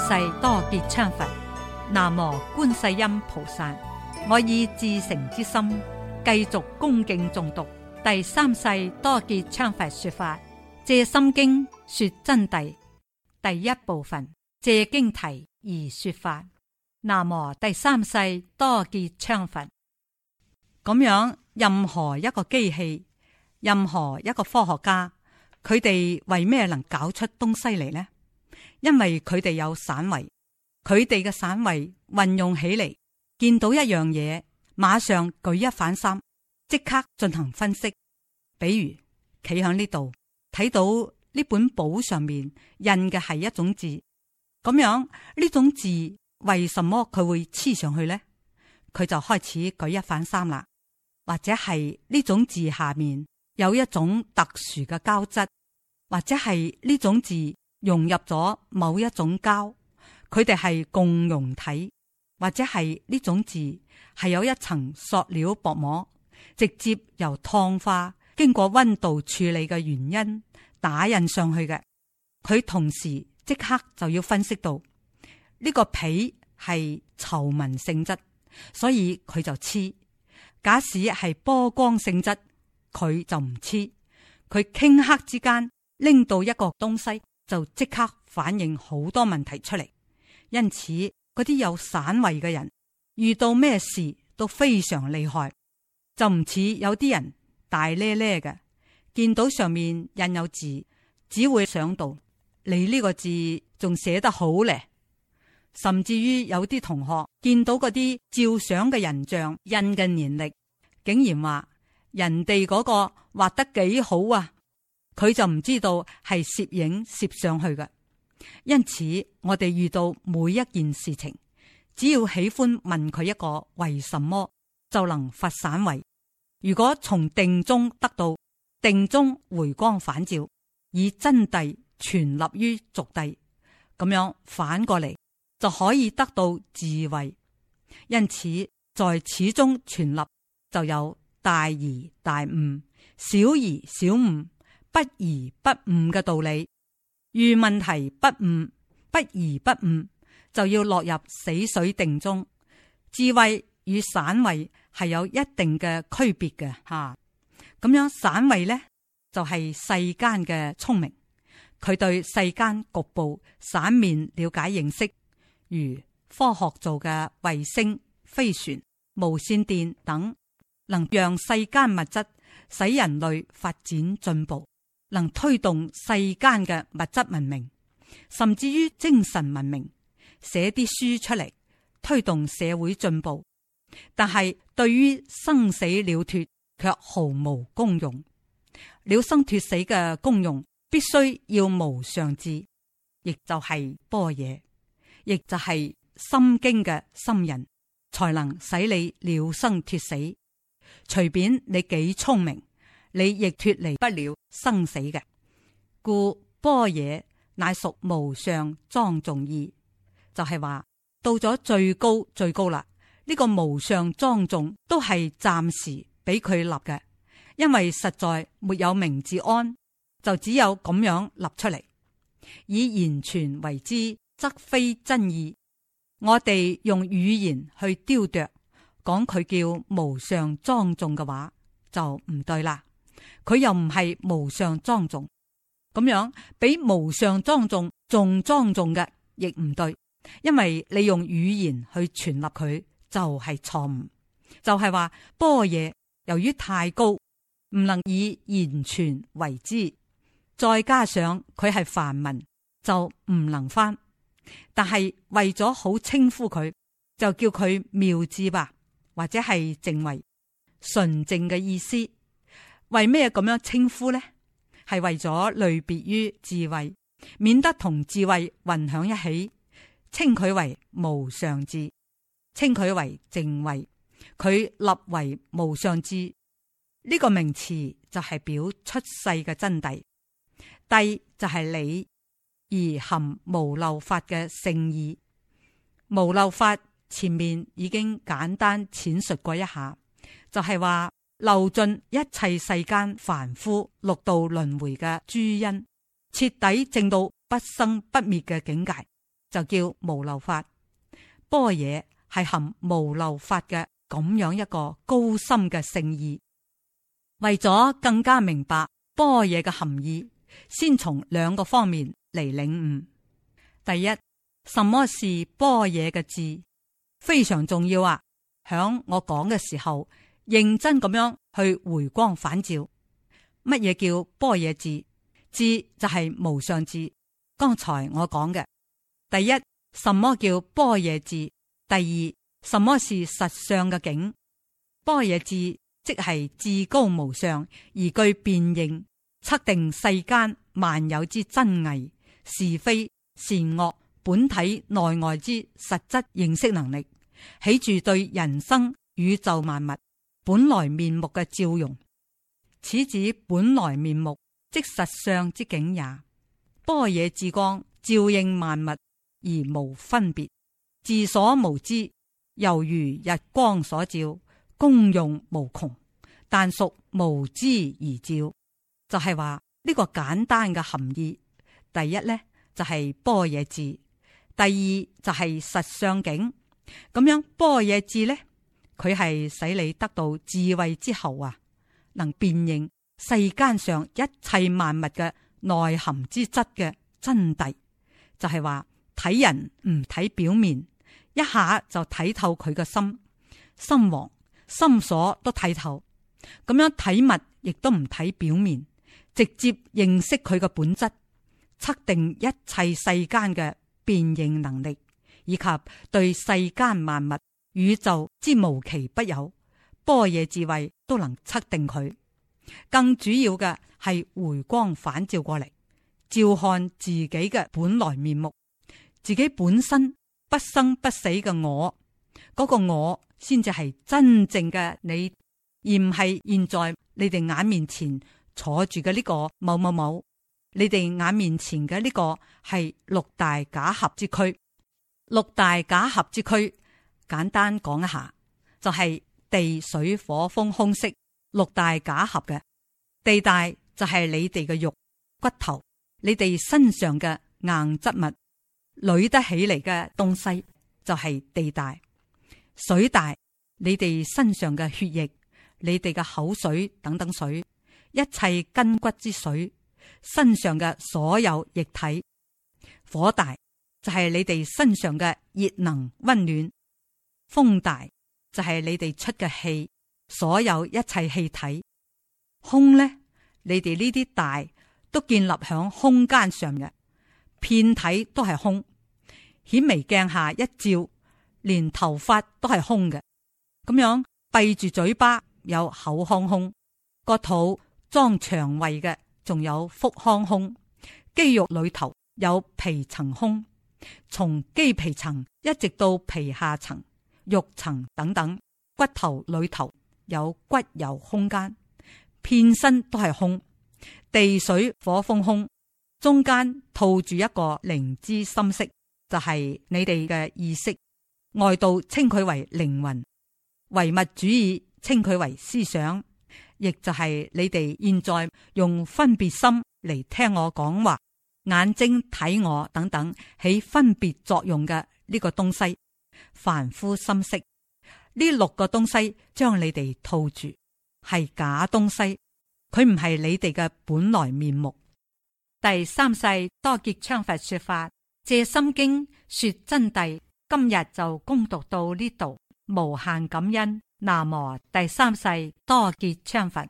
世多杰羌佛，南無觀世音菩薩。我以至誠之心，繼續恭敬誦讀第三世多杰羌佛說法《藉心經》說真諦第一部分《借經題而說法》。南無第三世多杰羌佛。咁樣，任何一個機器，任何一個科學家，佢哋為咩能搞出東西嚟呢？因為佢哋有散圍，佢哋嘅散圍運用起嚟，見到一樣嘢，馬上舉一反三，即刻進行分析。比如企喺呢度睇到呢本簿上面印嘅係一種字，咁樣呢種字為什麼佢會黐上去呢？佢就開始舉一反三啦。或者係呢種字下面有一種特殊嘅膠質，或者係呢種字。融入咗某一種膠，佢哋係共融體，或者係呢種字係有一層塑料薄膜，直接由燙化經過温度處理嘅原因打印上去嘅。佢同時即刻就要分析到呢、這個皮係稠紋性質，所以佢就黐。假使係波光性質，佢就唔黐。佢頃刻之間拎到一個東西。就即刻反映好多問題出嚟，因此嗰啲有散位嘅人遇到咩事都非常厲害，就唔似有啲人大咧咧嘅，見到上面印有字，只會想到你呢個字仲寫得好咧，甚至於有啲同學見到嗰啲照相嘅人像印嘅年曆，竟然話人哋嗰個畫得幾好啊！佢就唔知道係攝影攝上去嘅，因此我哋遇到每一件事情，只要喜歡問佢一個為什麼，就能發散為如果從定中得到定中回光返照，以真諦存立於俗諦咁樣，反過嚟就可以得到智慧。因此在此中存立就有大疑大悟，小疑小悟。不疑不悟嘅道理，遇問題不悟，不疑不悟就要落入死水定中。智慧與散慧係有一定嘅區別嘅，吓咁樣散慧呢，就係、是、世間嘅聰明，佢對世間局部散面了解認識，如科學做嘅衛星、飛船、無線電等，能讓世間物質使人類發展進步。能推動世間嘅物質文明，甚至於精神文明，寫啲書出嚟推動社會進步，但係對於生死了脫卻毫無功用。了生脫死嘅功用必須要無上智，亦就係般若，亦就係心經嘅心人，才能使你了生脫死。隨便你幾聰明。你亦脫離不了生死嘅，故般若乃屬無上莊重義，就係話到咗最高最高啦。呢個無上莊重都係暫時俾佢立嘅，因為實在沒有名字安，就只有咁樣立出嚟，以言傳為之，則非真義。我哋用語言去雕琢，講佢叫無上莊重嘅話，就唔對啦。佢又唔係無上莊重咁樣，比無上莊重仲莊重嘅亦唔對，因為你用語言去傳立佢就係、是、錯誤，就係話般若由於太高，唔能以言傳為之，再加上佢係梵文，就唔能翻。但係為咗好稱呼佢，就叫佢妙智吧，或者係淨為純正嘅意思。為咩咁樣稱呼呢？係為咗類別於智慧，免得同智慧混響一起，稱佢為無上智，稱佢為正位，佢立為無上智呢，這個名詞，就係表出世嘅真諦。諦就係理而含無漏法嘅聖意。無漏法前面已經簡單闡述過一下，就係、是、話。流盡一切世間凡夫六道輪迴嘅諸因，徹底證到不生不滅嘅境界，就叫無漏法。般若係含無漏法嘅咁樣一個高深嘅聖義。為咗更加明白般若嘅含義，先從兩個方面嚟領悟。第一，什麼是般若嘅字？非常重要啊！響我講嘅時候。認真咁樣去回光返照，乜嘢叫般若智？智就係無上智。剛才我講嘅第一，什麼叫般若智？第二，什麼是實相嘅境？般若智即係至高無上而具辨認、測定世間萬有之真偽、是非善惡本體內外之實質認識能力，起住對人生、宇宙萬物。本來面目嘅照容，此指本來面目，即實相之境也。般若之光照應萬物，而無分別，自所無知，猶如日光所照，功用無窮，但屬無知而照，就係話呢個簡單嘅含義。第一咧就係般若智，第二就係實相境。咁樣般若智咧。佢係使你得到智慧之後啊，能辨認世間上一切萬物嘅內涵之質嘅真諦，就係話睇人唔睇表面，一下就睇透佢嘅心，心王、心所都睇透，咁樣睇物亦都唔睇表面，直接認識佢嘅本質，測定一切世間嘅辨認能力，以及對世間萬物。宇宙之無奇不有，般若智慧都能測定佢。更主要嘅係回光返照過嚟，照看自己嘅本來面目，自己本身不生不死嘅我，嗰、那個我先至係真正嘅你，而唔係現在你哋眼面前坐住嘅呢個某某某。你哋眼面前嘅呢個係六大假合之軀，六大假合之軀。簡單講一下，就係地水火風空色六大假合嘅。地大就係你哋嘅肉骨頭，你哋身上嘅硬質物，壘得起嚟嘅東西就係地大。水大，你哋身上嘅血液，你哋嘅口水等等水，一切筋骨之水，身上嘅所有液體。火大就係你哋身上嘅熱能、溫暖。風大就係、是、你哋出嘅氣，所有一切氣體空呢，你哋呢啲大都建立喺空間上嘅片體都係空。顯微鏡下一照，連頭髮都係空嘅。咁樣閉住嘴巴有口腔空，個肚裝腸胃嘅，仲有腹腔空，肌肉裏頭有皮層空，從肌皮層一直到皮下層。肉層等等，骨頭裏頭有骨油空間，片身都係空，地水火風空中間套住一個靈知心識，就係、是、你哋嘅意識。外道稱佢為靈魂，唯物主義稱佢為思想，亦就係你哋現在用分別心嚟聽我講話，眼睛睇我等等起分別作用嘅呢個東西。凡夫心識呢六個東西將你哋套住，係假東西，佢唔係你哋嘅本來面目。第三世多杰羌佛說法《藉心經》說真諦，今日就恭誦到呢度，無限感恩南無第三世多杰羌佛。